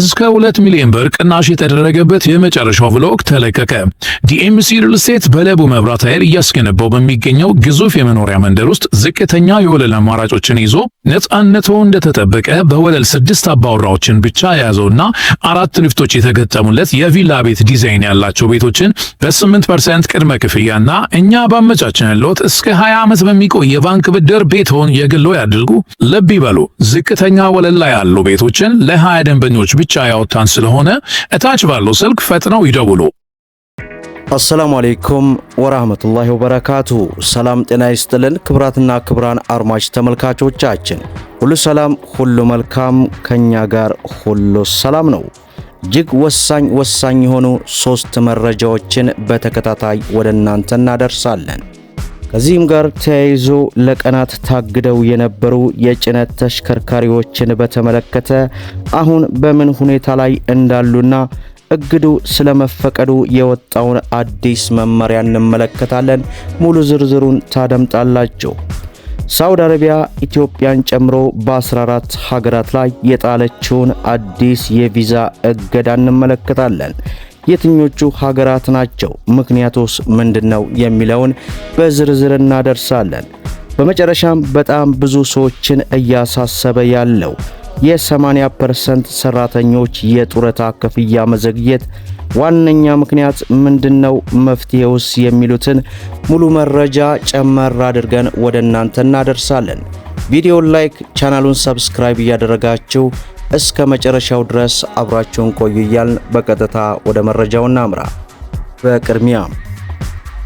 እስከ 2 ሚሊዮን ብር ቅናሽ የተደረገበት የመጨረሻው ብሎክ ተለቀቀ። ዲኤምሲ ሪል ስቴት በለቡ መብራት ኃይል እያስገነባው በሚገኘው ግዙፍ የመኖሪያ መንደር ውስጥ ዝቅተኛ የወለል አማራጮችን ይዞ ነጻነቱ እንደተጠበቀ በወለል ስድስት አባወራዎችን ብቻ የያዘውና አራት ንፍቶች የተገጠሙለት የቪላ ቤት ዲዛይን ያላቸው ቤቶችን በ8 ቅድመ ክፍያና እኛ ባመቻችን ለውጥ እስከ 20 ዓመት በሚቆይ የባንክ ብድር ቤትዎን የግሎ ያድርጉ። ልብ ይበሉ፣ ዝቅተኛ ወለል ላይ ያሉ ቤቶችን ለ20 ደንበኞች ብቻ ያወጣን ስለሆነ እታች ባለው ስልክ ፈጥነው ይደውሉ። አሰላሙ አሌይኩም ወራህመቱላሂ ወበረካቱሁ። ሰላም ጤና ይስጥልን ክብራትና ክብራን አድማጭ ተመልካቾቻችን ሁሉ ሰላም ሁሉ መልካም፣ ከኛ ጋር ሁሉ ሰላም ነው። እጅግ ወሳኝ ወሳኝ የሆኑ ሶስት መረጃዎችን በተከታታይ ወደ እናንተ እናደርሳለን። ከዚህም ጋር ተያይዞ ለቀናት ታግደው የነበሩ የጭነት ተሽከርካሪዎችን በተመለከተ አሁን በምን ሁኔታ ላይ እንዳሉና እግዱ ስለመፈቀዱ የወጣውን አዲስ መመሪያ እንመለከታለን። ሙሉ ዝርዝሩን ታደምጣላችሁ። ሳውዲ አረቢያ ኢትዮጵያን ጨምሮ በ14 ሀገራት ላይ የጣለችውን አዲስ የቪዛ እገዳ እንመለከታለን። የትኞቹ ሀገራት ናቸው? ምክንያቱስ ምንድነው? የሚለውን በዝርዝር እናደርሳለን። በመጨረሻም በጣም ብዙ ሰዎችን እያሳሰበ ያለው የ80% ሰራተኞች የጡረታ ክፍያ መዘግየት ዋነኛ ምክንያት ምንድነው? መፍትሄውስ? የሚሉትን ሙሉ መረጃ ጨመር አድርገን ወደ እናንተ እናደርሳለን። ቪዲዮን ላይክ፣ ቻናሉን ሰብስክራይብ እያደረጋችሁ እስከ መጨረሻው ድረስ አብራችሁን ቆዩ እያልን በቀጥታ ወደ መረጃው እናምራ። በቅድሚያ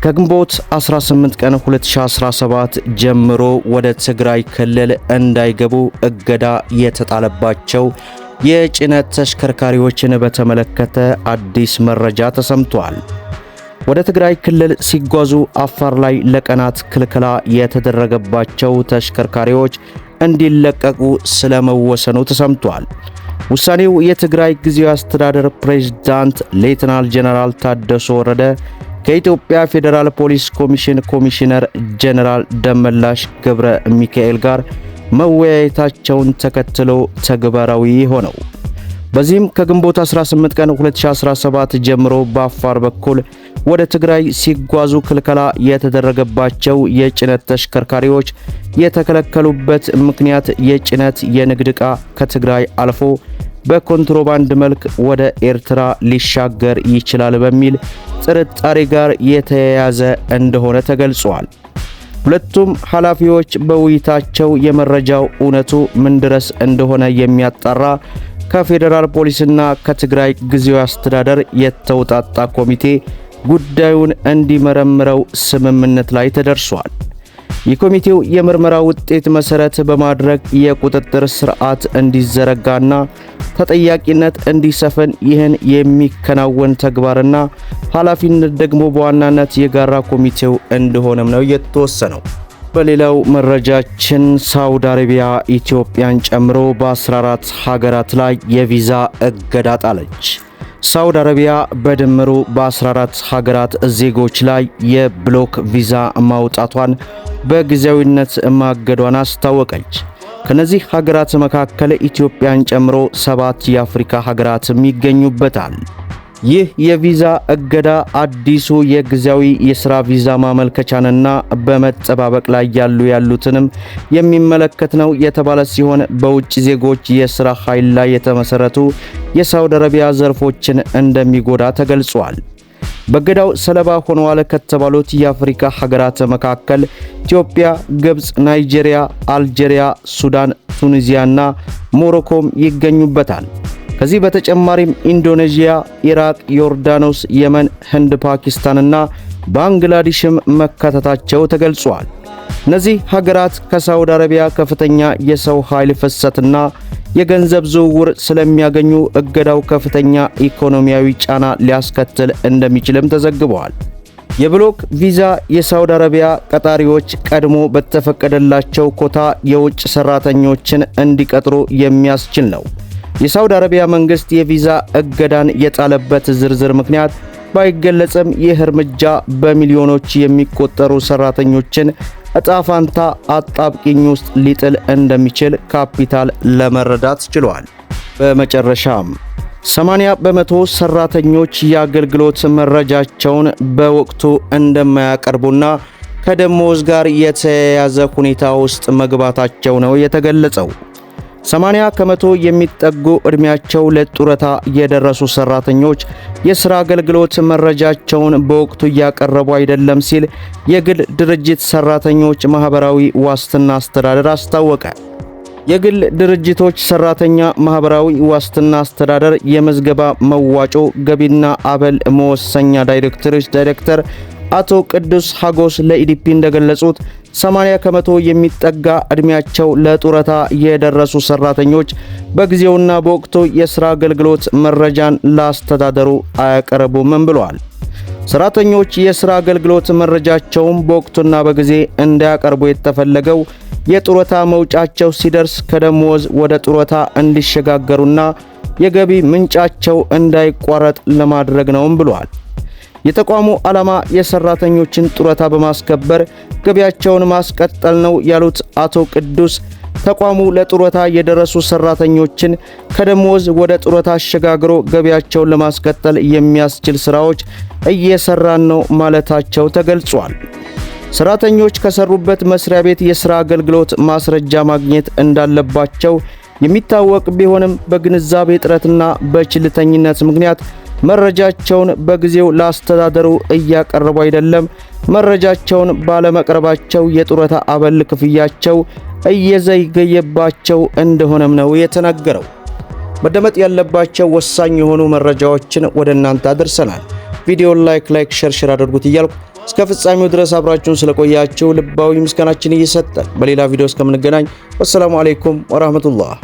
ከግንቦት 18 ቀን 2017 ጀምሮ ወደ ትግራይ ክልል እንዳይገቡ እገዳ የተጣለባቸው የጭነት ተሽከርካሪዎችን በተመለከተ አዲስ መረጃ ተሰምቷል። ወደ ትግራይ ክልል ሲጓዙ አፋር ላይ ለቀናት ክልከላ የተደረገባቸው ተሽከርካሪዎች እንዲለቀቁ ስለመወሰኑ ተሰምቷል። ውሳኔው የትግራይ ጊዜያዊ አስተዳደር ፕሬዝዳንት ሌተናል ጄኔራል ታደሰ ወረደ ከኢትዮጵያ ፌዴራል ፖሊስ ኮሚሽን ኮሚሽነር ጄኔራል ደመላሽ ገብረ ሚካኤል ጋር መወያየታቸውን ተከትሎ ተግባራዊ ሆነው በዚህም ከግንቦት 18 ቀን 2017 ጀምሮ በአፋር በኩል ወደ ትግራይ ሲጓዙ ክልከላ የተደረገባቸው የጭነት ተሽከርካሪዎች የተከለከሉበት ምክንያት የጭነት የንግድ ዕቃ ከትግራይ አልፎ በኮንትሮባንድ መልክ ወደ ኤርትራ ሊሻገር ይችላል በሚል ጥርጣሬ ጋር የተያያዘ እንደሆነ ተገልጿል። ሁለቱም ኃላፊዎች በውይይታቸው የመረጃው እውነቱ ምን ድረስ እንደሆነ የሚያጣራ ከፌዴራል ፖሊስና ከትግራይ ጊዜያዊ አስተዳደር የተውጣጣ ኮሚቴ ጉዳዩን እንዲመረምረው ስምምነት ላይ ተደርሷል። የኮሚቴው የምርመራ ውጤት መሰረት በማድረግ የቁጥጥር ስርዓት እንዲዘረጋና ተጠያቂነት እንዲሰፍን ይህን የሚከናወን ተግባርና ኃላፊነት ደግሞ በዋናነት የጋራ ኮሚቴው እንደሆነም ነው የተወሰነው። በሌላው መረጃችን ሳውዲ አረቢያ ኢትዮጵያን ጨምሮ በ14 ሀገራት ላይ የቪዛ እገዳ ጣለች። ሳውዲ አረቢያ በድምሩ በ14 ሀገራት ዜጎች ላይ የብሎክ ቪዛ ማውጣቷን በጊዜያዊነት ማገዷን አስታወቀች። ከነዚህ ሀገራት መካከል ኢትዮጵያን ጨምሮ ሰባት የአፍሪካ ሀገራትም ይገኙበታል። ይህ የቪዛ እገዳ አዲሱ የጊዜያዊ የስራ ቪዛ ማመልከቻንና በመጠባበቅ ላይ ያሉ ያሉትንም የሚመለከት ነው የተባለ ሲሆን በውጭ ዜጎች የስራ ኃይል ላይ የተመሰረቱ የሳውዲ አረቢያ ዘርፎችን እንደሚጎዳ ተገልጿል። በገዳው ሰለባ ሆነዋል ከተባሉት የአፍሪካ ሀገራት መካከል ኢትዮጵያ፣ ግብፅ፣ ናይጄሪያ፣ አልጄሪያ፣ ሱዳን፣ ቱኒዚያና ሞሮኮም ይገኙበታል። ከዚህ በተጨማሪም ኢንዶኔዥያ፣ ኢራቅ፣ ዮርዳኖስ፣ የመን፣ ህንድ፣ ፓኪስታንና ባንግላዴሽም መካተታቸው ተገልጿል። እነዚህ ሀገራት ከሳውዲ አረቢያ ከፍተኛ የሰው ኃይል ፍሰትና የገንዘብ ዝውውር ስለሚያገኙ እገዳው ከፍተኛ ኢኮኖሚያዊ ጫና ሊያስከትል እንደሚችልም ተዘግበዋል። የብሎክ ቪዛ የሳውዲ አረቢያ ቀጣሪዎች ቀድሞ በተፈቀደላቸው ኮታ የውጭ ሰራተኞችን እንዲቀጥሩ የሚያስችል ነው። የሳውዲ አረቢያ መንግስት የቪዛ እገዳን የጣለበት ዝርዝር ምክንያት ባይገለጽም ይህ እርምጃ በሚሊዮኖች የሚቆጠሩ ሰራተኞችን እጣፋንታ አጣብቂኝ ውስጥ ሊጥል እንደሚችል ካፒታል ለመረዳት ችሏል። በመጨረሻም 80 በመቶ ሰራተኞች የአገልግሎት መረጃቸውን በወቅቱ እንደማያቀርቡና ከደሞዝ ጋር የተያያዘ ሁኔታ ውስጥ መግባታቸው ነው የተገለጸው። 80 ከመቶ የሚጠጉ ዕድሜያቸው ለጡረታ የደረሱ ሰራተኞች የሥራ አገልግሎት መረጃቸውን በወቅቱ እያቀረቡ አይደለም ሲል የግል ድርጅት ሰራተኞች ማኅበራዊ ዋስትና አስተዳደር አስታወቀ። የግል ድርጅቶች ሰራተኛ ማኅበራዊ ዋስትና አስተዳደር የመዝገባ መዋጮ ገቢና አበል መወሰኛ ዳይሬክተሮች ዳይሬክተር አቶ ቅዱስ ሐጎስ ለኢዲፒ እንደገለጹት 80 ከመቶ የሚጠጋ እድሜያቸው ለጡረታ የደረሱ ሰራተኞች በጊዜውና በወቅቱ የሥራ አገልግሎት መረጃን ላስተዳደሩ አያቀርቡም ብለዋል። ሰራተኞች የሥራ አገልግሎት መረጃቸውን በወቅቱና በጊዜ እንዳያቀርቡ የተፈለገው የጡረታ መውጫቸው ሲደርስ ከደሞዝ ወደ ጡረታ እንዲሸጋገሩና የገቢ ምንጫቸው እንዳይቋረጥ ለማድረግ ነውም ብለዋል። የተቋሙ ዓላማ የሰራተኞችን ጡረታ በማስከበር ገቢያቸውን ማስቀጠል ነው ያሉት አቶ ቅዱስ ተቋሙ ለጡረታ የደረሱ ሰራተኞችን ከደሞዝ ወደ ጡረታ አሸጋግሮ ገቢያቸውን ለማስቀጠል የሚያስችል ስራዎች እየሰራን ነው ማለታቸው ተገልጿል። ሰራተኞች ከሰሩበት መስሪያ ቤት የስራ አገልግሎት ማስረጃ ማግኘት እንዳለባቸው የሚታወቅ ቢሆንም በግንዛቤ እጥረትና በችልተኝነት ምክንያት መረጃቸውን በጊዜው ለአስተዳደሩ እያቀረቡ አይደለም። መረጃቸውን ባለመቅረባቸው የጡረታ አበል ክፍያቸው እየዘገየባቸው እንደሆነም ነው የተነገረው። መደመጥ ያለባቸው ወሳኝ የሆኑ መረጃዎችን ወደ እናንተ አድርሰናል። ቪዲዮውን ላይክ ላይክ ሼር ሼር አድርጉት እያልኩ እስከ ፍጻሜው ድረስ አብራችሁን ስለቆያችሁ ልባዊ ምስጋናችን እየሰጠን በሌላ ቪዲዮ እስከምንገናኝ ወሰላሙ አሌይኩም ወራህመቱላህ